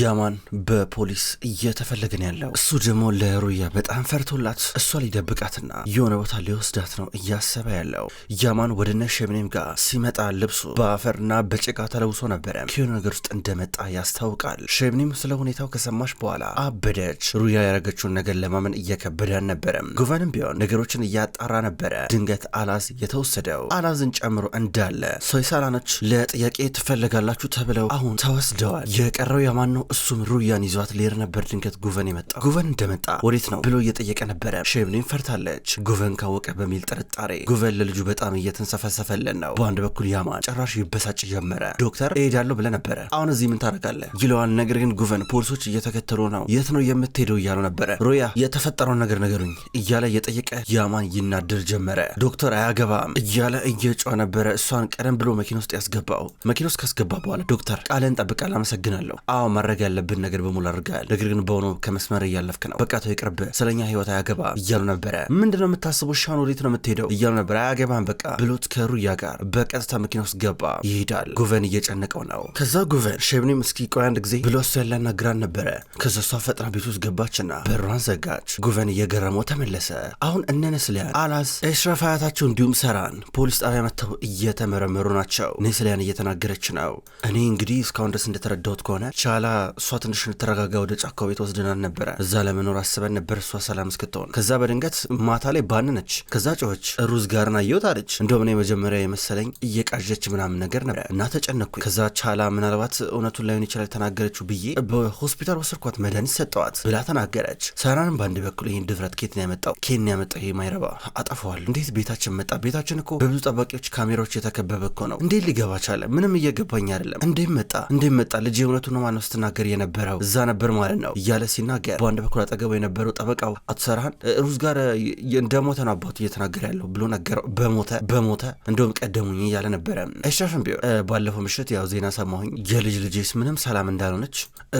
ያማን በፖሊስ እየተፈለገ ነው ያለው። እሱ ደግሞ ለሩያ በጣም ፈርቶላት እሷ ሊደብቃትና የሆነ ቦታ ሊወስዳት ነው እያሰበ ያለው። ያማን ወደነ ሸብኔም ጋር ሲመጣ ልብሱ በአፈርና በጭቃ ተለውሶ ነበረ። ከሆነ ነገር ውስጥ እንደመጣ ያስታውቃል። ሸምኔም ስለ ሁኔታው ከሰማች በኋላ አበደች። ሩያ ያደረገችውን ነገር ለማመን እየከበደ ነበረም። ጉቫንም ቢሆን ነገሮችን እያጣራ ነበረ። ድንገት አላዝ የተወሰደው አላዝን ጨምሮ እንዳለ ሶይሳላኖች ለጥያቄ ትፈለጋላችሁ ተብለው አሁን ተወስደዋል። የቀረው ያማን ነው። እሱም ሩያን ይዟት ሌር ነበር። ድንገት ጉቨን የመጣ ጉቨን እንደመጣ ወዴት ነው ብሎ እየጠየቀ ነበረ። ሼብሊን ፈርታለች። ጉቨን ካወቀ በሚል ጥርጣሬ ጉቨን ለልጁ በጣም እየተንሰፈሰፈለን ነው። በአንድ በኩል ያማን ጭራሽ ይበሳጭ ጀመረ። ዶክተር እሄዳለሁ ብለ ነበረ፣ አሁን እዚህ ምን ታደርጋለህ ይለዋል። ነገር ግን ጉቨን ፖሊሶች እየተከተሉ ነው፣ የት ነው የምትሄደው እያሉ ነበረ። ሩያ የተፈጠረውን ነገር ነገሩኝ እያለ እየጠየቀ ያማን ይናደር ጀመረ። ዶክተር አያገባም እያለ እየጮኸ ነበረ። እሷን ቀደም ብሎ መኪና ውስጥ ያስገባው መኪና ውስጥ ካስገባ በኋላ ዶክተር ቃለን ጠብቃል፣ አመሰግናለሁ። አዎ ማድረግ ያለብን ነገር በሙሉ አድርገሃል። ነገር ግን በሆኑ ከመስመር እያለፍክ ነው። በቃቶ ይቅርብ፣ ስለኛ ህይወት አያገባ እያሉ ነበረ። ምንድነው የምታስበው? ሻን ወዴት ነው የምትሄደው? እያሉ ነበረ። አያገባን በቃ ብሎት ከሩያ ጋር በቀጥታ መኪና ውስጥ ገባ። ይሄዳል። ጉቨን እየጨነቀው ነው። ከዛ ጉቨን ሸብኒም እስኪ ቆይ አንድ ጊዜ ብሎ እሱ ያላናግራን ነበረ። ከዛ እሷ ፈጥና ቤት ውስጥ ገባችና በሯን ዘጋች። ጉቨን እየገረመው ተመለሰ። አሁን እነነስሊያን አላስ ኤሽረፋያታቸው እንዲሁም ሰራን ፖሊስ ጣቢያ መጥተው እየተመረመሩ ናቸው። ነስሊያን እየተናገረች ነው። እኔ እንግዲህ እስካሁን ድረስ እንደተረዳሁት ከሆነ ቻላ እሷ ትንሽ ተረጋጋ ወደ ጫካው ቤት ወስድናን ነበረ። እዛ ለመኖር አስበን ነበር እሷ ሰላም እስክትሆን። ከዛ በድንገት ማታ ላይ ባንነች። ከዛ ጮኸች፣ ሩዝ ጋርን አየሁት አለች። እንደውም እኔ መጀመሪያ የመሰለኝ እየቃዠች ምናምን ነገር ነበረ እና ተጨነኩኝ። ከዛ ቻላ ምናልባት እውነቱን ላይሆን ይችላል ተናገረችው ብዬ በሆስፒታል ወሰድኳት፣ መድኃኒት ሰጠዋት ብላ ተናገረች። ሰናንም በአንድ በኩል ይህን ድፍረት ኬትን ያመጣው ኬን ያመጣው ይሄ ማይረባ አጠፈዋል። እንዴት ቤታችን መጣ? ቤታችን እኮ በብዙ ጠባቂዎች ካሜራዎች የተከበበ እኮ ነው። እንዴት ሊገባ ቻለ? ምንም እየገባኝ አይደለም። እንዴት መጣ? እንዴት መጣ? ልጅ እውነቱ ነው ማነው ሲናገር የነበረው እዛ ነበር ማለት ነው እያለ ሲናገር፣ በአንድ በኩል አጠገቡ የነበረው ጠበቃው አቶ ሰርሀን ሩዝ ጋር እንደሞተ ነው አባቱ እየተናገረ ያለው ብሎ ነገረው። በሞተ በሞተ እንደውም ቀደሙኝ እያለ ነበረ። እሻሽን ቢሆን ባለፈው ምሽት ያው ዜና ሰማሁኝ። የልጅ ልጅስ ምንም ሰላም እንዳልሆነች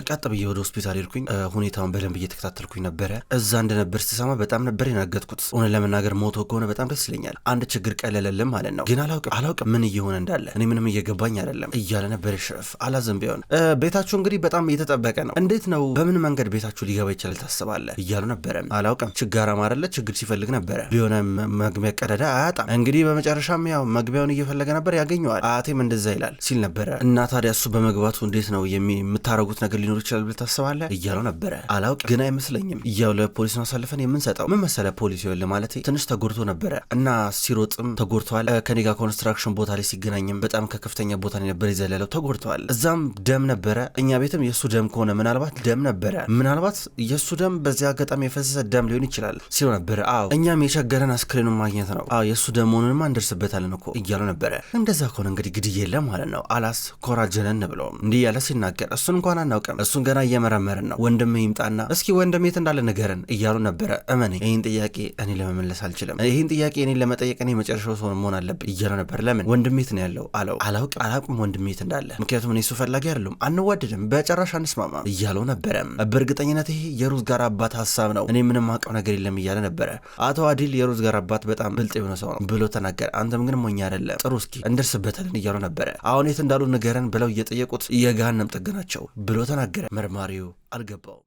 ቀጥ ብዬ ወደ ሆስፒታል ሄድኩኝ። ሁኔታውን በደንብ እየተከታተልኩኝ ነበረ። እዛ እንደነበር ስሰማ በጣም ነበር የናገጥኩት። እውነት ለመናገር ሞቶ ከሆነ በጣም ደስ ይለኛል። አንድ ችግር ቀለለልም ማለት ነው። ግን አላውቅ አላውቅ ምን እየሆነ እንዳለ እኔ ምንም እየገባኝ አይደለም እያለ ነበር። ሽረፍ አላዘን ቢሆን ቤታችሁ እንግዲህ በጣም የተጠበቀ ነው። እንዴት ነው በምን መንገድ ቤታችሁ ሊገባ ይችላል ታስባለ እያሉ ነበረ። አላውቅም ችጋራ ማረለት ችግር ሲፈልግ ነበረ ቢሆነ መግቢያ ቀደዳ አያጣም። እንግዲህ በመጨረሻም ያው መግቢያውን እየፈለገ ነበር ያገኘዋል። አያቴም እንደዛ ይላል ሲል ነበረ። እና ታዲያ እሱ በመግባቱ እንዴት ነው የምታረጉት ነገር ሊኖር ይችላል ብለህ ታስባለህ እያለው ነበረ። አላውቅ ግን አይመስለኝም እያው ለፖሊስ አሳልፈን የምንሰጠው ምን መሰለ ፖሊስ ይኸውልህ ማለት ትንሽ ተጎድቶ ነበረ እና ሲሮጥም ተጎድተዋል። ከኔጋ ኮንስትራክሽን ቦታ ላይ ሲገናኝም በጣም ከከፍተኛ ቦታ ነበር የዘለለው ተጎድተዋል። እዛም ደም ነበረ እኛ ቤት በፊትም የእሱ ደም ከሆነ ምናልባት ደም ነበረ፣ ምናልባት የእሱ ደም በዚህ አጋጣሚ የፈሰሰ ደም ሊሆን ይችላል ሲሉ ነበረ። አዎ እኛም የቸገረን አስክሬኑን ማግኘት ነው፣ አዎ የእሱ ደም መሆኑንማ እንደርስበታለን እኮ እያሉ ነበረ። እንደዛ ከሆነ እንግዲህ ግድ የለ ማለት ነው አላስ ኮራጀነን ብለው እንዲህ እያለ ሲናገር እሱን እንኳን አናውቅም፣ እሱን ገና እየመረመርን ነው፣ ወንድም ይምጣና እስኪ ወንድም የት እንዳለ ንገረን እያሉ ነበረ። እመኔ ይህን ጥያቄ እኔ ለመመለስ አልችልም፣ ይህን ጥያቄ እኔ ለመጠየቅ እኔ መጨረሻው ሰው መሆን አለብን እያሉ ነበር። ለምን ወንድም የት ነው ያለው አለው። አላውቅም ወንድም የት እንዳለ ምክንያቱም እኔ እሱ ፈላጊ አይደለም፣ አንዋደድም በጭራሽ አንስማማ እያለው ነበረ። በእርግጠኝነት ይሄ የሩዝ ጋር አባት ሀሳብ ነው፣ እኔ ምንም አውቀው ነገር የለም እያለ ነበረ። አቶ አዲል የሩዝ ጋር አባት በጣም ብልጥ የሆነ ሰው ነው ብሎ ተናገረ። አንተም ግን ሞኝ አይደለም፣ ጥሩ እስኪ እንደርስበታለን እያለው ነበረ። አሁን የት እንዳሉ ንገረን ብለው እየጠየቁት የገሃነም ጥግ ናቸው ብሎ ተናገረ። መርማሪው አልገባው።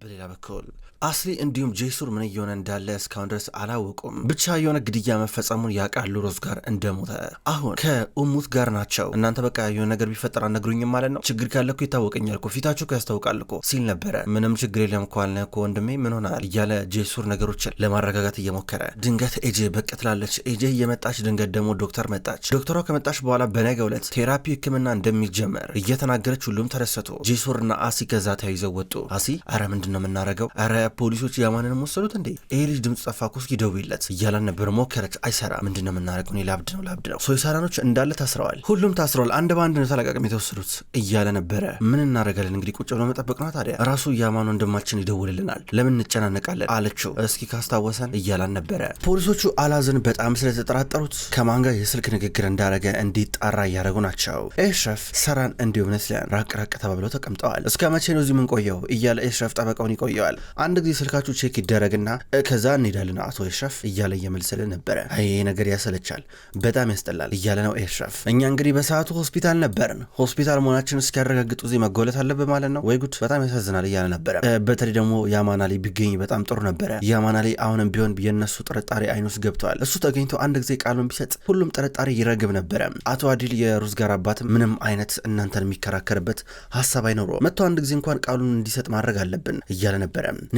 በሌላ በኩል አስሊ እንዲሁም ጄሱር ምን እየሆነ እንዳለ እስካሁን ድረስ አላወቁም። ብቻ የሆነ ግድያ መፈጸሙን ያውቃሉ። ሮዝ ጋር እንደሞተ አሁን ከኡሙት ጋር ናቸው። እናንተ በቃ የሆነ ነገር ቢፈጠር አነግሩኝም ማለት ነው። ችግር ካለኩ ይታወቀኛል እኮ ፊታችሁ ያስታውቃል እኮ ሲል ነበረ። ምንም ችግር የለም እኮ አልነ እኮ ወንድሜ ምን ሆናል እያለ ጄሱር ነገሮችን ለማረጋጋት እየሞከረ ድንገት ኤጄ በቅ ትላለች። ኤጄ እየመጣች ድንገት ደግሞ ዶክተር መጣች። ዶክተሯ ከመጣች በኋላ በነገ ዕለት ቴራፒ ህክምና እንደሚጀመር እየተናገረች ሁሉም ተደሰቱ። ጄሱርና አሲ ከዛ ተያይዘው ወጡ። አሲ አረ ምንድን ነው የምናረገው አረ ፖሊሶች ያማንን መሰሉት እንዴ? ይሄ ልጅ ድምፅ ጠፋ እኮ እስኪ ደውይለት እያላን ነበር። ሞከረች፣ አይሰራም። ምንድነው የምናደርገው? እኔ ላብድ ነው ላብድ ነው። ሰራኖች እንዳለ ታስረዋል። ሁሉም ታስረዋል። አንድ በአንድ ነው ተለቃቅም የተወሰዱት እያለ ነበረ። ምን እናደርጋለን እንግዲህ ቁጭ ብሎ መጠበቅ ነው ታዲያ። ራሱ ያማን ወንድማችን ይደውልልናል፣ ለምን እንጨናነቃለን አለችው። እስኪ ካስታወሰን እያላን ነበረ። ፖሊሶቹ አላዝን በጣም ስለተጠራጠሩት ከማን ጋር የስልክ ንግግር እንዳረገ እንዲጣራ እያደረጉ ናቸው። ኤሽረፍ፣ ሰራን እንዲሁም ነስሊያን ራቅ ራቅ ተባብለው ተቀምጠዋል። እስከ መቼ ነው እዚህ ምንቆየው እያለ ኤሽረፍ ጠበቃውን ይቆየዋል። አንድ አንድ ጊዜ ስልካችሁ ቼክ ይደረግና ከዛ እንሄዳለን አቶ ኤሽረፍ እያለ እየመልሰለ ነበረ። ይሄ ነገር ያሰለቻል፣ በጣም ያስጠላል እያለ ነው ኤሽረፍ። እኛ እንግዲህ በሰዓቱ ሆስፒታል ነበርን። ሆስፒታል መሆናችን እስኪያረጋግጡ እዚህ መጎለት አለብን ማለት ነው ወይ ጉድ፣ በጣም ያሳዝናል እያለ ነበረ። በተለይ ደግሞ ያማን አሊ ቢገኝ በጣም ጥሩ ነበረ። ያማን አሊ አሁንም ቢሆን የእነሱ ጥርጣሬ አይን ውስጥ ገብተዋል። እሱ ተገኝቶ አንድ ጊዜ ቃሉን ቢሰጥ ሁሉም ጥርጣሬ ይረግብ ነበረ። አቶ አዲል የሩዝ ጋር አባት ምንም አይነት እናንተን የሚከራከርበት ሀሳብ አይኖሮ መጥቶ አንድ ጊዜ እንኳን ቃሉን እንዲሰጥ ማድረግ አለብን እያለ ነበረ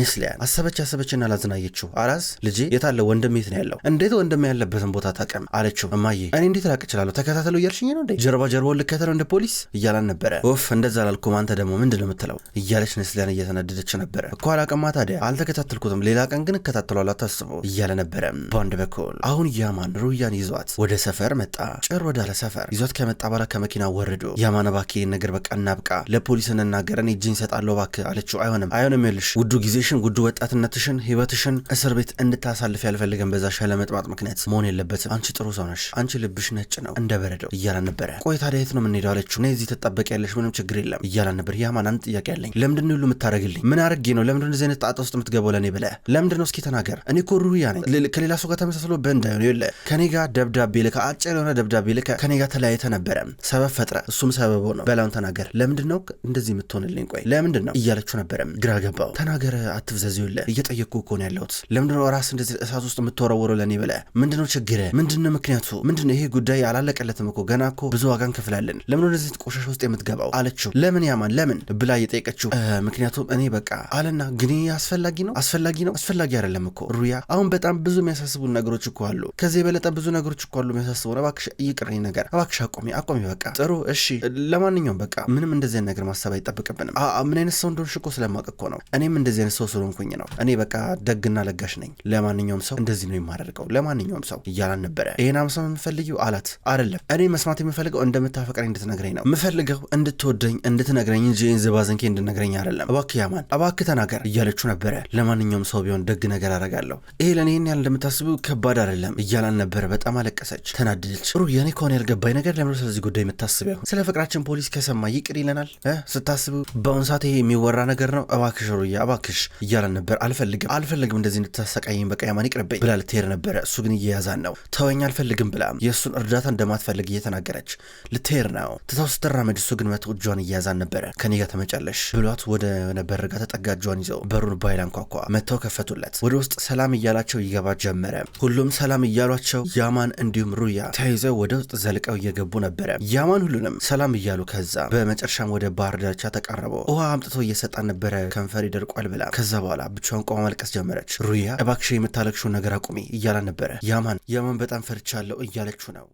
ይስሊያን አሰበች አሰበችና ላዝናየችው። አራስ ልጄ የታለ ወንድም የት ነው ያለው? እንዴት ወንድም ያለበትን ቦታ ታቀም አለችው። እማዬ እኔ እንዴት ላቅ እችላለሁ? ተከታተሉ እያልሽኝ ነው እንዴ? ጀርባ ጀርባውን ልከተለው እንደ ፖሊስ እያላን ነበረ። ኦፍ እንደዛ ላልኩም አንተ ደግሞ ምንድን ነው የምትለው? እያለች ይስሊያን እየተነደደች ነበረ። እኮ አላቅማ ታዲያ አልተከታተልኩትም፣ ሌላ ቀን ግን እከታተሏል፣ አታስቡ እያለ ነበረ። በአንድ በኩል አሁን ያማን ሩያን ይዟት ወደ ሰፈር መጣ። ጭር ወዳለ ሰፈር ይዟት ከመጣ በኋላ ከመኪና ወረዱ። ያማን እባክህ ነገር በቃ እናብቃ፣ ለፖሊስ እንናገር፣ እኔ እጄን እሰጣለሁ እባክህ አለችው። አይሆንም አይሆንም፣ ይኸውልሽ ውዱ ጊዜሽን አንቺን ጉዱ ወጣትነትሽን ህይወትሽን እስር ቤት እንድታሳልፍ ያልፈልገን በዛ ሸለመጥማጥ ምክንያት መሆን የለበትም። አንቺ ጥሩ ሰው ነሽ፣ አንቺ ልብሽ ነጭ ነው እንደ በረደው እያላ ነበረ። ቆይ ታዲያ የት ነው የምንሄደው አለችው። እኔ እዚህ ትጠበቅ ያለሽ ምንም ችግር የለም እያላ ነበር። ያማን አንድ ጥያቄ ያለኝ ለምንድን ሁሉ የምታደርግልኝ ምን አርጌ ነው? ለምንድን እዚህ አይነት ጣጣ ውስጥ የምትገበው ለእኔ ብለህ ለምንድን ነው? እስኪ ተናገር። እኔ እኮ ሩህሩህ ነኝ፣ ከሌላ ሰው ጋር ተመሳስሎ በእንዳይሆነ የለ ከኔ ጋር ደብዳቤ ልከ አጭር የሆነ ደብዳቤ ልከ ከኔ ጋር ተለያይተ ነበረ። ሰበብ ፈጥረ እሱም ሰበቦ ነው። በላውን ተናገር። ለምንድን ነው እንደዚህ የምትሆንልኝ? ቆይ ለምንድን ነው እያለችው ነበረ። ግራ ገባው። ተናገር አትፍዘዙ ይለ እየጠየቅኩ እኮ ነው ያለሁት። ለምንድነው ራስ እንደዚህ እሳት ውስጥ የምትወረወረው ለእኔ ብለህ? ምንድነው ችግር? ምንድነው ምክንያቱ? ምንድነው ይሄ ጉዳይ አላለቀለትም እኮ ገና እኮ ብዙ ዋጋ እንከፍላለን። ለምን ወደዚህ ቆሻሻ ውስጥ የምትገባው አለችው። ለምን ያማን ለምን ብላ እየጠየቀችው፣ ምክንያቱም እኔ በቃ አለና፣ ግን አስፈላጊ ነው አስፈላጊ ነው አስፈላጊ አይደለም እኮ ሩያ፣ አሁን በጣም ብዙ የሚያሳስቡን ነገሮች እኮ አሉ። ከዚህ የበለጠ ብዙ ነገሮች እኮ አሉ የሚያሳስቡ እባክሽ ይቅረኝ ነገር እባክሽ አቆሚ አቆሚ በቃ ጥሩ እሺ ለማንኛውም በቃ ምንም እንደዚህ ነገር ማሰብ አይጠብቅብንም ምን አይነት ሰው እንደሆንሽ እኮ ስለማውቅ እኮ ነው እኔም እንደዚህ አይነት ሰው ስለሆንኩኝ ነው። እኔ በቃ ደግና ለጋሽ ነኝ። ለማንኛውም ሰው እንደዚህ ነው የማደርገው ለማንኛውም ሰው እያላን ነበረ። ይህን አምሰ የምፈልጊ አላት። አይደለም እኔ መስማት የምፈልገው እንደምታፈቅረኝ እንድትነግረኝ ነው ምፈልገው እንድትወደኝ እንድትነግረኝ እንጂ ዝባዝንኬ እንድነግረኝ አይደለም። እባክ ያማን እባክ ተናገር እያለች ነበረ። ለማንኛውም ሰው ቢሆን ደግ ነገር አደርጋለሁ ይሄ ለእኔ ይህን ያህል እንደምታስቡ ከባድ አይደለም እያላን ነበረ። በጣም አለቀሰች፣ ተናደደች። ሩ የኔ ከሆነ ያልገባኝ ነገር ለምደ ስለዚህ ጉዳይ ያሁን? ስለ ፍቅራችን ፖሊስ ከሰማ ይቅር ይለናል ስታስቡ በአሁን ሰዓት ይሄ የሚወራ ነገር ነው። እባክሽ ሩያ እባክሽ እያለን ነበር። አልፈልግም አልፈልግም እንደዚህ እንድታሰቃየኝ በቃ ያማን ይቅርበኝ ብላ ልትሄድ ነበረ። እሱ ግን እየያዛን ነው። ተወኝ አልፈልግም ብላ የእሱን እርዳታ እንደማትፈልግ እየተናገረች ልትሄድ ነው። ትታው ስትራመድ እሱ ግን መቶ እጇን እየያዛን ነበረ። ከኔ ጋር ተመጫለሽ ብሏት ወደ ነበር ጋር ተጠጋ። እጇን ይዘው በሩን ባይል አንኳኳ። መጥተው ከፈቱለት። ወደ ውስጥ ሰላም እያላቸው ይገባ ጀመረ። ሁሉም ሰላም እያሏቸው ያማን እንዲሁም ሩያ ተያይዘው ወደ ውስጥ ዘልቀው እየገቡ ነበረ። ያማን ሁሉንም ሰላም እያሉ ከዛ በመጨረሻም ወደ ባህር ዳርቻ ተቃረበ። ውሃ አምጥቶ እየሰጣን ነበረ። ከንፈር ይደርቋል ብላ ከዛ ከዛ በኋላ ብቻዋን ቆማ ማልቀስ ጀመረች። ሩያ እባክሽ የምታለቅሽውን ነገር አቁሚ እያላ ነበረ። ያማን ያማን በጣም ፈርቻለሁ እያለችው ነው።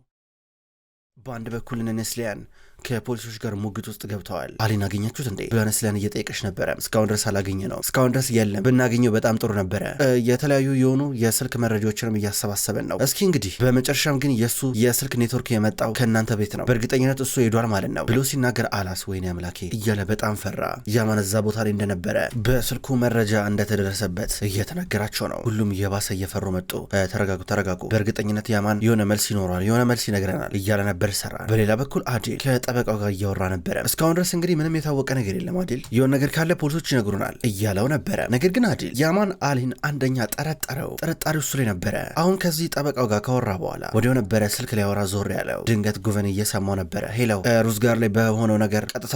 በአንድ በኩል እነ ከፖሊሶች ጋር ሙግት ውስጥ ገብተዋል። አሊን አገኛችሁት እንዴ ብላ ነስሊሀን እየጠየቀች ነበረ። እስካሁን ድረስ አላገኘ ነው እስካሁን ድረስ የለም። ብናገኘው በጣም ጥሩ ነበረ። የተለያዩ የሆኑ የስልክ መረጃዎችንም እያሰባሰበን ነው። እስኪ እንግዲህ በመጨረሻም ግን የእሱ የስልክ ኔትወርክ የመጣው ከእናንተ ቤት ነው፣ በእርግጠኝነት እሱ ሄዷል ማለት ነው ብሎ ሲናገር አላስ ወይኔ አምላኬ እያለ በጣም ፈራ። ያማን እዛ ቦታ ላይ እንደነበረ በስልኩ መረጃ እንደተደረሰበት እየተናገራቸው ነው። ሁሉም እየባሰ እየፈሩ መጡ። ተረጋጉ ተረጋጉ፣ በእርግጠኝነት ያማን የሆነ መልስ ይኖረዋል፣ የሆነ መልስ ይነግረናል እያለ ነበር ይሰራል። በሌላ በኩል አዴል ጠበቃው ጋር እያወራ ነበረ። እስካሁን ድረስ እንግዲህ ምንም የታወቀ ነገር የለም አዲል የሆነ ነገር ካለ ፖሊሶች ይነግሩናል እያለው ነበረ። ነገር ግን አዲል ያማን አሊን አንደኛ ጠረጠረው፣ ጥርጣሪ ውስጥ ላይ ነበረ። አሁን ከዚህ ጠበቃው ጋር ካወራ በኋላ ወዲያው ነበረ ስልክ ላይ ዞር ያለው። ድንገት ጉቨን እየሰማው ነበረ። ሄለው ሩዝ ጋር ላይ በሆነው ነገር ቀጥታ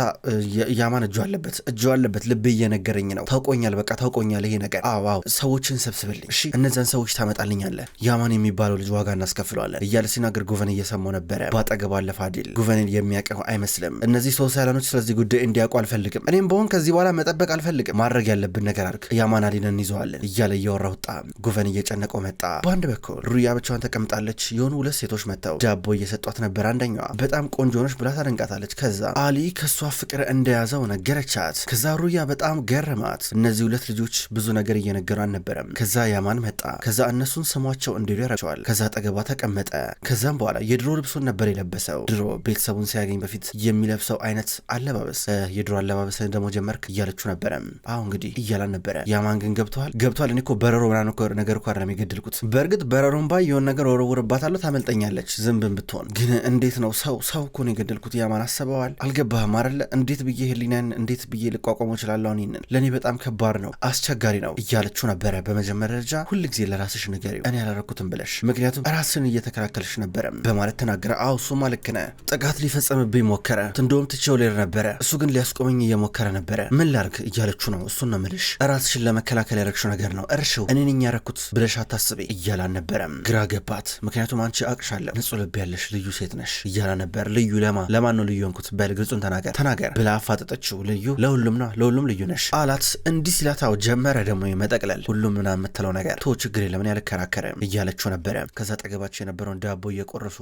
ያማን እጁ አለበት፣ እጁ አለበት፣ ልብ እየነገረኝ ነው። ታውቆኛል፣ በቃ ታውቆኛል ይሄ ነገር። አዎ ሰዎችን ሰብስብልኝ፣ እሺ እነዚያን ሰዎች ታመጣልኛለ፣ ያማን የሚባለው ልጅ ዋጋ እናስከፍለዋለን እያለ ሲናገር ጉቨን እየሰማው ነበረ። ባጠገብ አለፈ አዲል ጉቨንን የሚያቀው አይመስልም። እነዚህ ሶስት ያላኖች ስለዚህ ጉዳይ እንዲያውቁ አልፈልግም። እኔም በሆን ከዚህ በኋላ መጠበቅ አልፈልግም። ማድረግ ያለብን ነገር አድርግ። ያማን አሊን እንይዘዋለን እያለ እያወራ ወጣ። ጉቨን እየጨነቀው መጣ። በአንድ በኩል ሩያ ብቻዋን ተቀምጣለች። የሆኑ ሁለት ሴቶች መጥተው ዳቦ እየሰጧት ነበር። አንደኛዋ በጣም ቆንጆ ነች ብላ ታደንቃታለች። ከዛ አሊ ከእሷ ፍቅር እንደያዘው ነገረቻት። ከዛ ሩያ በጣም ገረማት። እነዚህ ሁለት ልጆች ብዙ ነገር እየነገሩ አልነበረም። ከዛ ያማን መጣ። ከዛ እነሱን ስሟቸው እንዲሉ ያረቸዋል። ከዛ አጠገቧ ተቀመጠ። ከዛም በኋላ የድሮ ልብሱን ነበር የለበሰው ድሮ ቤተሰቡን ሲያገኝ በፊት የሚለብሰው አይነት አለባበስ የድሮ አለባበስ ደግሞ ጀመርክ እያለች ነበረ። አሁ እንግዲህ እያላን ነበረ። ያማን ግን ገብተዋል ገብተዋል። እኔ እኮ በረሮ ምናምን እኮ ነገር እኮ አይደለም የገደልኩት። በእርግጥ በረሮን ባይ የሆን ነገር ወረውርባታለሁ፣ ታመልጠኛለች ዝንብን ብትሆን ግን እንዴት ነው ሰው ሰው እኮ ነው የገደልኩት። ያማን አስበዋል። አልገባህም አይደለ? እንዴት ብዬ ህሊናን እንዴት ብዬ ልቋቋሞ እችላለሁ? ይንን ለእኔ በጣም ከባድ ነው፣ አስቸጋሪ ነው እያለችው ነበረ። በመጀመሪያ ደረጃ ሁልጊዜ ለራስሽ ንገሪው፣ እኔ ያላረኩትም ብለሽ ምክንያቱም ራስን እየተከላከልሽ ነበረ በማለት ተናገረ። አዎ እሱማ ልክ ነህ፣ ጥቃት ሊፈጸምብ ሊያስቆመብኝ ሞከረ። ትንዶም ትቼው ሌር ነበረ። እሱ ግን ሊያስቆመኝ እየሞከረ ነበረ። ምን ላርግ እያለችው ነው። እሱን ነው ምልሽ፣ ራስሽን ለመከላከል ያረግሽው ነገር ነው። እርሽው እኔን እኛ ያረግኩት ብለሽ አታስቤ እያላን ነበረም። ግራ ገባት። ምክንያቱም አንቺ አቅሻለሁ፣ ንጹህ ልብ ያለሽ ልዩ ሴት ነሽ እያላ ነበር። ልዩ ለማ ለማን ነው ልዩ የሆንኩት? በል ግልጹን ተናገር ተናገር ብላ አፋጠጠችው። ልዩ ለሁሉም ና ለሁሉም ልዩ ነሽ አላት። እንዲህ ሲላታው ጀመረ ደግሞ መጠቅለል ሁሉም ምና የምትለው ነገር ቶ ችግር የለምን ያልከራከርም እያለችው ነበረ። ከዛ ጠገባቸው የነበረውን ዳቦ እየቆረሱ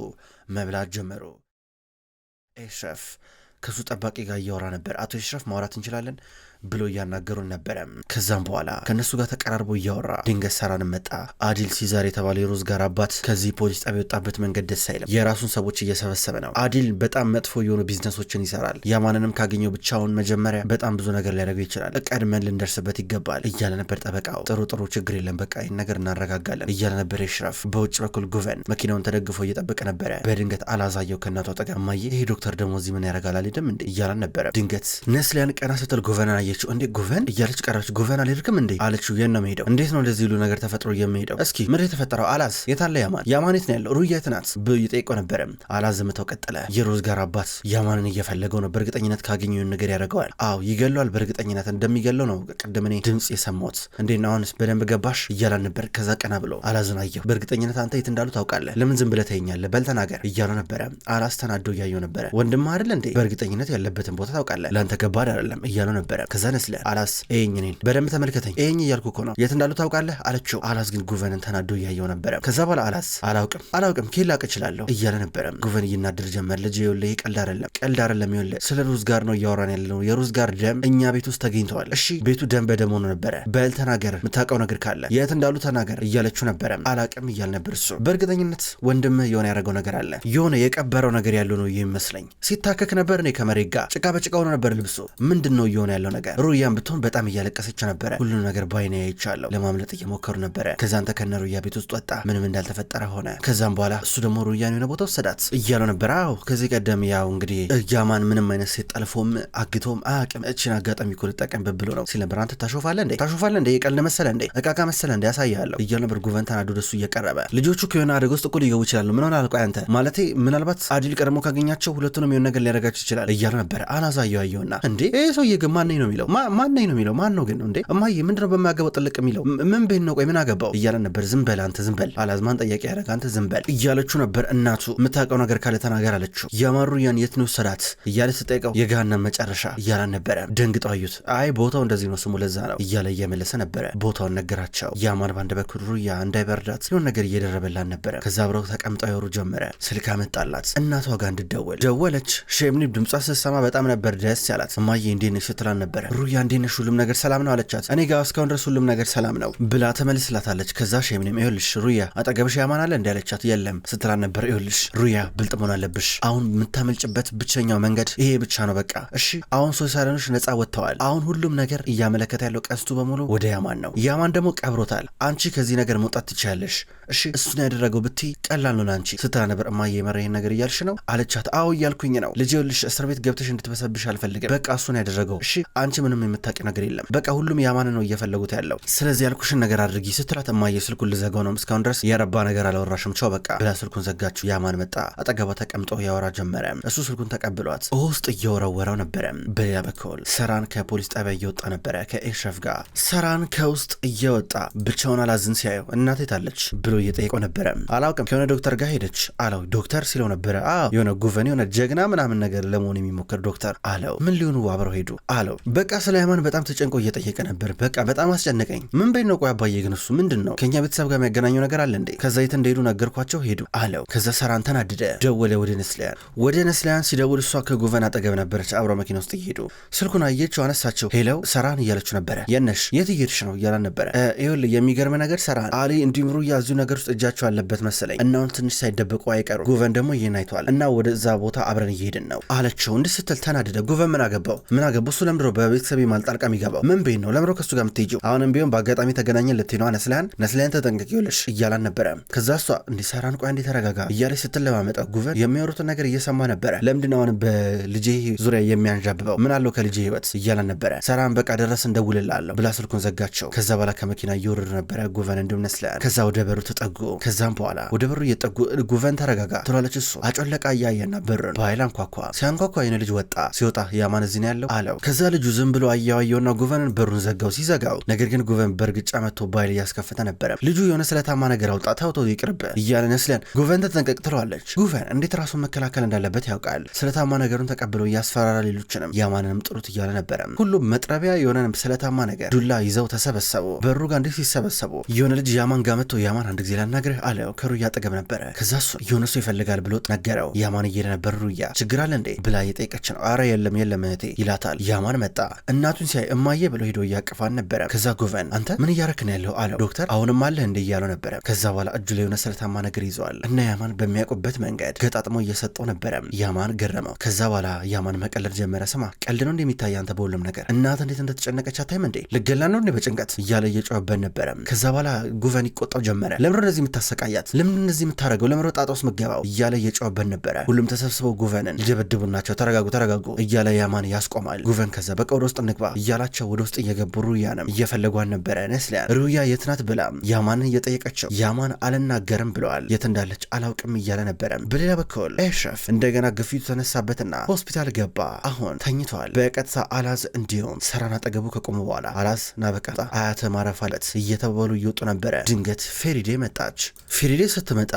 መብላት ጀመሩ። chef !» ከሱ ጠባቂ ጋር እያወራ ነበር። አቶ ሽረፍ ማውራት እንችላለን ብሎ እያናገሩን ነበረ። ከዛም በኋላ ከእነሱ ጋር ተቀራርቦ እያወራ ድንገት ሰራን መጣ። አዲል ሲዛር የተባለ የሮዝ ጋር አባት ከዚህ ፖሊስ ጣቢያ የወጣበት መንገድ ደስ አይለም የራሱን ሰዎች እየሰበሰበ ነው። አዲል በጣም መጥፎ የሆኑ ቢዝነሶችን ይሰራል። ያማንንም ካገኘው ብቻውን መጀመሪያ በጣም ብዙ ነገር ሊያደርገው ይችላል። ቀድመን ልንደርስበት ይገባል እያለ ነበር ጠበቃው። ጥሩ ጥሩ፣ ችግር የለም በቃ ይህን ነገር እናረጋጋለን እያለ ነበር የሽረፍ። በውጭ በኩል ጉቨን መኪናውን ተደግፎ እየጠበቀ ነበረ። በድንገት አላዛየው ከእናቷ አጠገብ ይሄ ዶክተር ደግሞ እዚህ ምን ያደርጋል? አልሄድም እንዴ እያላን ነበረ። ድንገት ነስሊያን ቀና ስትል ጎቨናን አየችው። እንዴ ጎቨን እያለች ቀረች። ጎቨን አልሄድክም እንዴ አለችው። የት ነው የምሄደው? እንዴት ነው እንደዚህ ሁሉ ነገር ተፈጥሮ የምሄደው? እስኪ ምድር የተፈጠረው አላዝ የታለ? ያማን ያማን የት ነው ያለው? ሩያ የት ናት? ይጠይቆ ነበረ። አላዝ ዝምታው ቀጠለ። የሮዝ ጋር አባት ያማንን እየፈለገው ነው። በእርግጠኝነት ካገኘውን ነገር ያደርገዋል። አዎ ይገለዋል። በእርግጠኝነት እንደሚገለው ነው ቅድም እኔ ድምፅ የሰማሁት። እንዴ ነው በደንብ ገባሽ? እያላን ነበር። ከዛ ቀና ብሎ አላዝን አየው። በእርግጠኝነት አንተ የት እንዳሉ ታውቃለህ። ለምን ዝም ብለህ ተይኛለህ? በል ተናገር እያሉ ነበረ። አላዝ ተናዶ እያየው ነበረ። ወንድም አይደል እንዴ? በእርግጠ ብሔርተኝነት ያለበትን ቦታ ታውቃለህ፣ ለአንተ ከባድ አይደለም እያለው ነበረ። ከዛ ነስለ አላስ ኤኝ እኔን በደንብ ተመልከተኝ፣ ኤኝ እያልኩ እኮ ነው፣ የት እንዳሉ ታውቃለህ አለችው። አላስ ግን ጉቨንን ተናዶ እያየው ነበረ። ከዛ በኋላ አላስ አላውቅም አላውቅም ኬ ላቅ እችላለሁ እያለ ነበረ። ጉቨን እይናድር ጀመር። ልጅ ይኸውልህ ቀልድ አይደለም ቀልድ አይደለም፣ ይኸውልህ ስለ ሩዝ ጋር ነው እያወራን ያለነው። የሩዝ ጋር ደም እኛ ቤት ውስጥ ተገኝተዋል። እሺ ቤቱ ደም በደም ሆኖ ነበረ። በል ተናገር፣ የምታውቀው ነገር ካለ የት እንዳሉ ተናገር እያለችው ነበረ። አላቅም እያል ነበር እሱ። በእርግጠኝነት ወንድምህ የሆነ ያደረገው ነገር አለ፣ የሆነ የቀበረው ነገር ያለው ነው ይመስለኝ። ሲታከክ ነበር እኔ ከመሬት ጋር ጭቃ በጭቃ ሆኖ ነበር ልብሱ። ምንድን ነው እየሆነ ያለው ነገር? ሩያም ብትሆን በጣም እያለቀሰች ነበረ። ሁሉ ነገር በአይኔ አይቻለሁ። ለማምለጥ እየሞከሩ ነበረ። ከዛን ተከነ ሩያ ቤት ውስጥ ወጣ፣ ምንም እንዳልተፈጠረ ሆነ። ከዛም በኋላ እሱ ደግሞ ሩያን የሆነ ቦታ ወሰዳት እያለው ነበር። አዎ ከዚህ ቀደም ያው እንግዲህ ያማን ምንም አይነት ሴት ጠልፎም አግቶም አቅም እችን አጋጣሚ እኮ ልጠቀምበት ብሎ ነው ሲል ነበር። አንተ ታሾፋለ እንዴ? ታሾፋለ እንዴ? የቀልድ መሰለ እንዴ? እቃቃ መሰለ እንዴ? ያሳያለሁ እያሉ ነበር። ጉቨን ተናዶ ወደሱ እየቀረበ ልጆቹ ከሆነ አደጋ ውስጥ እኮ ሊገቡ ይችላሉ። ምን ሆነ አልቆ አንተ ማለቴ ምናልባት አዲል ቀድሞ ካገኛቸው ሁለቱንም የሆነ ነገር ሊያደርጋቸው ይችላል ይችላል እያሉ ነበረ። አላዛ አየውና እንዴ ይህ ሰውዬ ግን ማነኝ ነው የሚለው ማነኝ ነው የሚለው ማን ነው ግን ነው እንዴ እማዬ ምንድነው በማያገባው ጥልቅ የሚለው ምን ቤት ነው ቆይ ምን አገባው እያለ ነበር። ዝም በል አንተ ዝም በል አላዝማን ጠያቂ ያደረግ አንተ ዝም በል እያለችው ነበር። እናቱ የምታውቀው ነገር ካለ ተናገር አለችው። ያማሩያን የት ነው ሰዳት እያለ ስጠይቀው የገሃነም መጨረሻ እያለ ነበረ። ደንግጠው አዩት። አይ ቦታው እንደዚህ ነው ስሙ ለዛ ነው እያለ እየመለሰ ነበረ። ቦታውን ነገራቸው። ያማን ባንድ በኩል ሩያ እንዳይበርዳት ሲሆን ነገር እየደረበላን ነበረ። ከዛ አብረው ተቀምጠው ያወሩ ጀመረ። ስልክ አመጣላት እናቷ ጋር እንድደወል ደወለች። ሸምኒብ ድምጿ ስትሰማ በጣም ነበር ደስ ያላት። እማዬ እንዴት ነሽ ስትላን ነበረ። ሩያ እንዴት ነሽ ሁሉም ነገር ሰላም ነው አለቻት። እኔ ጋር እስካሁን ድረስ ሁሉም ነገር ሰላም ነው ብላ ተመልስላታለች። ከዛ ሸምኔም ይኸውልሽ ሩያ አጠገብሽ ያማን አለ እንዲ አለቻት። የለም ስትላን ነበር። ይኸውልሽ ሩያ ብልጥ መሆን አለብሽ። አሁን የምታመልጭበት ብቸኛው መንገድ ይሄ ብቻ ነው በቃ እሺ። አሁን ሶሳሊኖች ነጻ ወጥተዋል። አሁን ሁሉም ነገር እያመለከተ ያለው ቀስቱ በሙሉ ወደ ያማን ነው። ያማን ደግሞ ቀብሮታል። አንቺ ከዚህ ነገር መውጣት ትችያለሽ። እሺ እሱን ያደረገው ብትይ ቀላል ነው ለአንቺ ስትላ ነበር። እማዬ መራ ይሄን ነገር እያልሽ ነው አለቻት። አዎ እያልኩኝ ነው ልጅ ይኸውልሽ እስር ቤት ገብተሽ እንድትበሰብሽ አልፈልግም። በቃ እሱን ያደረገው እሺ፣ አንቺ ምንም የምታውቂ ነገር የለም። በቃ ሁሉም ያማን ነው እየፈለጉት ያለው። ስለዚህ ያልኩሽን ነገር አድርጊ ስትላት እማዬ ስልኩን ልዘጋው ነው እስካሁን ድረስ የረባ ነገር አላወራሽም፣ ቻው በቃ ብላ ስልኩን ዘጋችው። ያማን መጣ አጠገቧ ተቀምጦ ያወራ ጀመረ። እሱ ስልኩን ተቀብሏት ውስጥ እየወረወረው ነበረ። በያ በኩል ሰራን ከፖሊስ ጣቢያ እየወጣ ነበረ ከኤሸፍ ጋር። ሰራን ከውስጥ እየወጣ ብቻውን አላዝን ሲያየው እናቴ ታለች ብሎ እየጠየቀው ነበረ። አላውቅም ከሆነ ዶክተር ጋር ሄደች አለው ዶክተር ሲለው ነበረ። የሆነ ጉቨን የሆነ ጀግና ምናምን ነገር ለሞ ለመሆን የሚሞክር ዶክተር አለው። ምን ሊሆኑ አብረው ሄዱ አለው። በቃ ስለ በጣም ተጨንቆ እየጠየቀ ነበር። በቃ በጣም አስጨነቀኝ። ምን በይ ነው? ቆይ አባዬ ግን እሱ ምንድን ነው ከእኛ ቤተሰብ ጋር የሚያገናኘው ነገር አለ እንዴ? ከዛ የት እንደሄዱ ነገርኳቸው ሄዱ አለው። ከዛ ሰራን ተናደደ። ደወለ ወደ ነስሊያን። ወደ ነስሊያን ሲደውል እሷ ከጉቨን አጠገብ ነበረች። አብረው መኪና ውስጥ እየሄዱ ስልኩን አየችው፣ አነሳቸው። ሄለው ሰራን እያለችው ነበረ። የነሽ የት እየሄድሽ ነው እያላን ነበረ። ይኸውልህ የሚገርም ነገር ሰራን አሊ እንዲሁም ሩያ እዚሁ ነገር ውስጥ እጃቸው አለበት መሰለኝ። እናውን ትንሽ ሳይደበቁ አይቀሩ። ጉቨን ደግሞ ይህን አይቷል እና ወደዛ ቦታ አብረን እየሄድን ነው አለች አለችው። እንዲህ ስትል ተናደደ። ጉቨን ምን አገባው? ምን አገባው? እሱ ለምድሮ በቤተሰብ ማልጣልቃ የሚገባው ምን ቤት ነው? ለምድሮ ከሱ ጋር የምትሄጂው? አሁንም ቢሆን በአጋጣሚ ተገናኘን ልትይ ነዋ። ነስሊሀን ነስሊሀን ተጠንቀቂውልሽ እያላን ነበረ። ከዛ እሷ እንዲ ሰራን ቆይ እንዴ ተረጋጋ እያለች ለማመጣ ጉቨን የሚያወሩትን ነገር እየሰማ ነበረ። ለምንድን ነው አሁን በልጄ ዙሪያ የሚያንዣብበው? ምን አለው ከልጄ ህይወት እያላን ነበረ። ሰራን በቃ ደረስ እንደውልላለሁ ብላ ስልኩን ዘጋቸው። ከዛ በኋላ ከመኪና እየወረዱ ነበረ ጉቨን እንዲሁም ነስሊሀን። ከዛ ወደ በሩ ተጠጉ። ከዛም በኋላ ወደ በሩ እየጠጉ ጉቨን ተረጋጋ ትሏለች። እሱ አጮለቃ እያየና በሩን በኃይል አንኳኳ ሲያንኳ ኮኮ አይነ ልጅ ወጣ። ሲወጣ ያማን እዚህ ነው ያለው አለው። ከዛ ልጁ ዝም ብሎ አያዋየውና ጉቨንን በሩን ዘጋው። ሲዘጋው ነገር ግን ጉቨን በእርግጫ መጥቶ ባይል እያስከፈተ ነበረ። ልጁ የሆነ ስለታማ ነገር አውጣ ታውቶ ይቅርብ እያለ ነስለን ጉቨን ተጠንቀቅ ትለዋለች። ጉቨን እንዴት ራሱን መከላከል እንዳለበት ያውቃል። ስለታማ ነገሩን ተቀብሎ እያስፈራራ ሌሎችንም ያማንንም ጥሩት እያለ ነበረ። ሁሉም መጥረቢያ የሆነንም ስለታማ ነገር ዱላ ይዘው ተሰበሰቡ። በሩ ጋር እንዴት ሲሰበሰቡ የሆነ ልጅ ያማን ጋር መጥቶ ያማን አንድ ጊዜ ላናግርህ አለው። ከሩያ አጠገብ ነበረ። ከዛ እሱ የሆነ ሰው ይፈልጋል ብሎ ነገረው። ያማን እየሄደ ነበር። ሩያ ችግር አለ እንዴ ብላ ብላ እየጠየቀች ነው። አረ የለም የለም እህቴ ይላታል። ያማን መጣ። እናቱን ሲያይ እማዬ ብሎ ሄዶ እያቅፋን ነበረ። ከዛ ጉቨን አንተ ምን እያረክ ነው ያለው አለው። ዶክተር አሁንም አለህ እንደ እያለው ነበረ። ከዛ በኋላ እጁ ላይ የሆነ ስለታማ ነገር ይዘዋል እና ያማን በሚያውቁበት መንገድ ገጣጥሞ እየሰጠው ነበረ። ያማን ገረመው። ከዛ በኋላ ያማን መቀለድ ጀመረ። ስማ ቀልድ ነው እንደሚታይ አንተ በሁሉም ነገር እናት እንዴት እንደተጨነቀች አታይም እንዴ? ልገላ ነው እንዴ በጭንቀት እያለ እየጮኸበት ነበረ። ከዛ በኋላ ጉቨን ይቆጣው ጀመረ። ለምሮ እንደዚህ የምታሰቃያት ለምን እንደዚህ የምታደረገው ለምሮ ጣጣ ውስጥ ምገባው እያለ እየጮኸበት ነበረ። ሁሉም ተሰብስበው ጉቨንን ይደበድቡና ናቸው፣ ተረጋጉ ተረጋጉ እያለ ያማን ያስቆማል። ጉቨን ከዛ በቃ ወደ ውስጥ እንግባ እያላቸው ወደ ውስጥ እየገቡ ሩያንም እየፈለጓን ነበረ። ነስሊያን ሩያ የት ናት ብላ ያማንን እየጠየቀችው ያማን አልናገርም ብለዋል፣ የት እንዳለች አላውቅም እያለ ነበረ። በሌላ በኩል ኤሽረፍ እንደገና ግፊቱ ተነሳበትና ሆስፒታል ገባ። አሁን ተኝቷል። በቀጥታ አላዝ እንዲሁም ሰራን አጠገቡ ከቆሙ በኋላ አላዝ ና አያተ ማረፋለት እየተባሉ እየወጡ ነበረ። ድንገት ፌሪዴ መጣች። ፌሪዴ ስትመጣ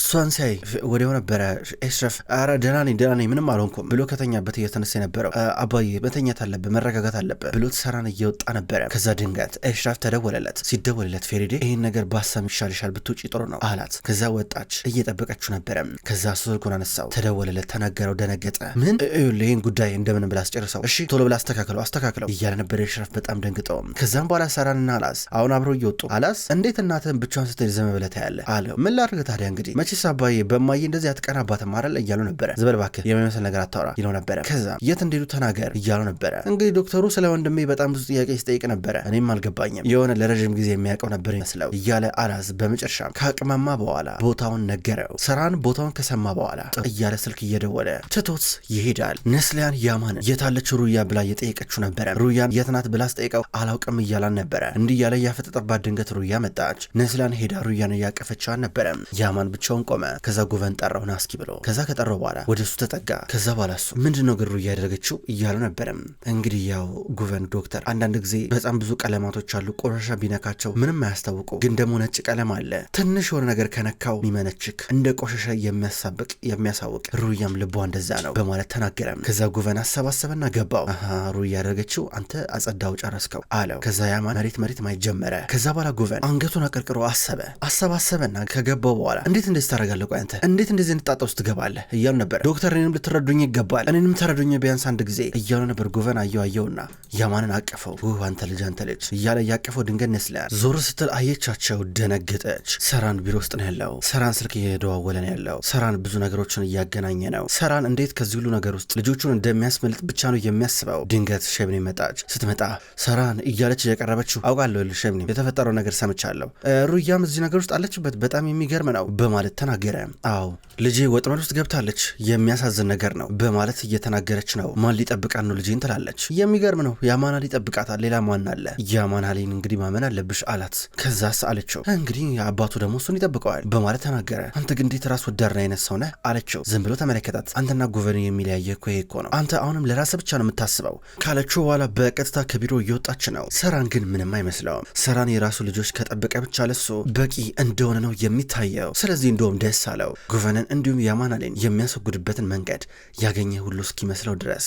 እሷን ሲያይ ወዲያው ነበረ ኤሽረፍ አረ ደህና ነኝ ደህና ነኝ ምንም አልሆንኩም ብሎ ከተኛበት እየተነሳ የነበረው። አባዬ መተኛት አለብህ መረጋጋት አለብህ ብሎ ሰራን እየወጣ ነበረ። ከዛ ድንገት ኤሽረፍ ተደወለለት። ሲደወለለት ፌሬዴ ይህን ነገር ባሰም ይሻልሻል ብትውጪ ጥሩ ነው አላት። ከዛ ወጣች እየጠበቀችው ነበረ። ከዛ እሱ ስልኩን አነሳው። ተደወለለት፣ ተነገረው ደነገጠ። ምን ይኸውልህ ይህን ጉዳይ እንደምን ብላ አስጨርሰው እሺ ቶሎ ብላ አስተካክለው አስተካክለው እያለ ነበረ ኤሽረፍ በጣም ደንግጠው። ከዛም በኋላ ሰራንና አላስ አሁን አብረው እየወጡ አላስ እንዴት እናትህን ብቻዋን ስትል ዘመበለታ ያለ አለው። ምን ላድርግ ታዲያ እንግዲህ መቼስ አባዬ በማዬ እንደዚህ አትቀናባትም አይደል እያሉ ነበረ። ዝበል እባክህ የሚመስል ነገር አታውራ ይለው ነበረ። ከዛ የት እንደሄዱ ተናገር እያሉ ነበረ። እንግዲህ ዶክተሩ ስለ ወንድሜ በጣም ብዙ ጥያቄ ሲጠይቅ ነበረ። እኔም አልገባኝም የሆነ ለረዥም ጊዜ የሚያውቀው ነበር ይመስለው እያለ አላዝ በመጨረሻም ከአቅማማ በኋላ ቦታውን ነገረው። ሰራን ቦታውን ከሰማ በኋላ እያለ ስልክ እየደወለ ትቶት ይሄዳል። ነስሊያን ያማን የታለች ሩያ ብላ እየጠየቀችው ነበረ። ሩያን የትናት ብላ ስጠይቀው አላውቅም እያላን ነበረ። እንዲህ እያለ ድንገት ሩያ መጣች። ነስሊያን ሄዳ ሩያን እያቀፈችው አልነበረም። ያማን ብቻ ብቻውን ቆመ። ከዛ ጉቨን ጠራው ናስኪ ብሎ። ከዛ ከጠራው በኋላ ወደ እሱ ተጠጋ። ከዛ በኋላ እሱ ምንድን ነው ግሩ እያደረገችው እያሉ ነበረም። እንግዲህ ያው ጉቨን ዶክተር አንዳንድ ጊዜ በጣም ብዙ ቀለማቶች አሉ። ቆሻሻ ቢነካቸው ምንም አያስታውቁ፣ ግን ደግሞ ነጭ ቀለም አለ። ትንሽ የሆነ ነገር ከነካው የሚመነችክ እንደ ቆሻሻ የሚያሳብቅ የሚያሳውቅ። ሩያም ልቧ እንደዛ ነው በማለት ተናገረም። ከዛ ጉቨን አሰባሰበና ገባው። አሀ ሩያ ያደረገችው አንተ አጸዳው ጨረስከው አለው። ከዛ ያማ መሬት መሬት ማየት ጀመረ። ከዛ በኋላ ጉቨን አንገቱን አቀርቅሮ አሰበ አሰባሰበና ከገባው በኋላ እንዴት እንደ እንደዚህ ታደርጋለህ? ቆይ አንተ እንዴት እንደዚህ እንጣጣ ውስጥ ትገባለህ? እያሉ ነበር። ዶክተር እኔንም ልትረዱኝ ይገባል፣ እኔንም ተረዱኝ ቢያንስ አንድ ጊዜ እያሉ ነበር። ጉቨን አየው አየውና ያማንን አቀፈው። ውህ አንተ ልጅ አንተ ልጅ እያለ እያቀፈው ድንገት ነስሊሀን ዞር ስትል አየቻቸው፣ ደነገጠች። ሰራን ቢሮ ውስጥ ነው ያለው። ሰራን ስልክ እየደዋወለ ነው ያለው። ሰራን ብዙ ነገሮችን እያገናኘ ነው። ሰራን እንዴት ከዚህ ሁሉ ነገር ውስጥ ልጆቹን እንደሚያስመልጥ ብቻ ነው የሚያስበው። ድንገት ሸብኔ መጣች። ስትመጣ ሰራን እያለች እያቀረበችው አውቃለሁ፣ ሸብኔ የተፈጠረው ነገር ሰምቻለሁ፣ ሩያም እዚህ ነገር ውስጥ አለችበት፣ በጣም የሚገርም ነው በማለት ተናገረ። አዎ ልጄ ወጥመድ ውስጥ ገብታለች፣ የሚያሳዝን ነገር ነው በማለት እየተናገረች ነው። ማን ሊጠብቃት ነው ልጄን ትላለች። የሚገርም ነው ያማን አሊ ይጠብቃታል፣ ሌላ ማን አለ? ያማን እንግዲህ ማመን አለብሽ አላት። ከዛስ አለችው። እንግዲህ አባቱ ደግሞ እሱን ይጠብቀዋል በማለት ተናገረ። አንተ ግን እንዴት ራስ ወዳድና አይነት ሰው ነህ አለችው። ዝም ብሎ ተመለከታት። አንተና ጎቨኒ የሚለያየ እኮ ይሄ እኮ ነው። አንተ አሁንም ለራስ ብቻ ነው የምታስበው ካለችው በኋላ በቀጥታ ከቢሮ እየወጣች ነው። ሰራን ግን ምንም አይመስለውም። ሰራን የራሱ ልጆች ከጠበቀ ብቻ ለሱ በቂ እንደሆነ ነው የሚታየው። ስለዚህ እንደ እንደውም ደስ አለው። ጉቨንን እንዲሁም ያማናሌን የሚያስወግድበትን መንገድ ያገኘ ሁሉ እስኪመስለው ድረስ